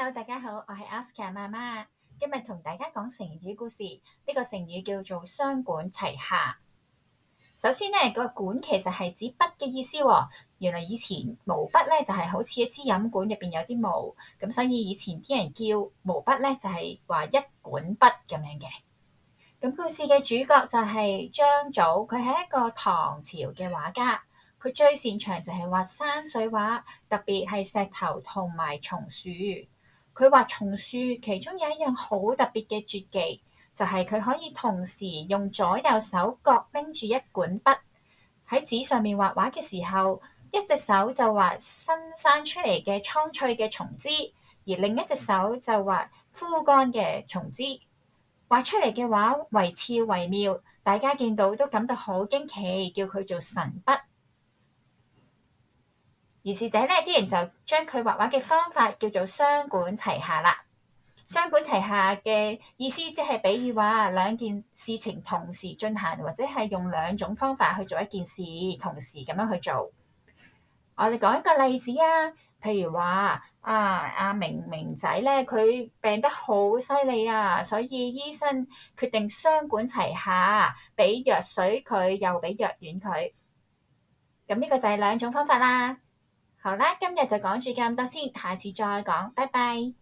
Hello，大家好，我係 askam 媽媽，今日同大家講成語故事。呢個成語叫做雙管齊下。首先呢，個管其實係指筆嘅意思喎。原來以前毛筆呢就係好似一支飲管，入邊有啲毛，咁所以以前啲人叫毛筆呢就係話一管筆咁樣嘅。咁故事嘅主角就係張祖，佢係一個唐朝嘅畫家，佢最擅長就係畫山水畫，特別係石頭同埋松樹。佢畫松樹，其中有一樣好特別嘅絕技，就係、是、佢可以同時用左右手各拎住一管筆喺紙上面畫畫嘅時候，一隻手就畫新生出嚟嘅蒼翠嘅松枝，而另一隻手就畫枯乾嘅松枝，畫出嚟嘅畫惟肖惟妙，大家見到都感到好驚奇，叫佢做神筆。於是者呢啲人就將佢畫畫嘅方法叫做雙管齊下啦。雙管齊下嘅意思即係比喻話兩件事情同時進行，或者係用兩種方法去做一件事，同時咁樣去做。我哋講一個例子啊，譬如話啊阿明明仔呢，佢病得好犀利啊，所以醫生決定雙管齊下，俾藥水佢，又俾藥丸佢。咁呢個就係兩種方法啦。好啦，今日就講住咁多先，下次再講，拜拜。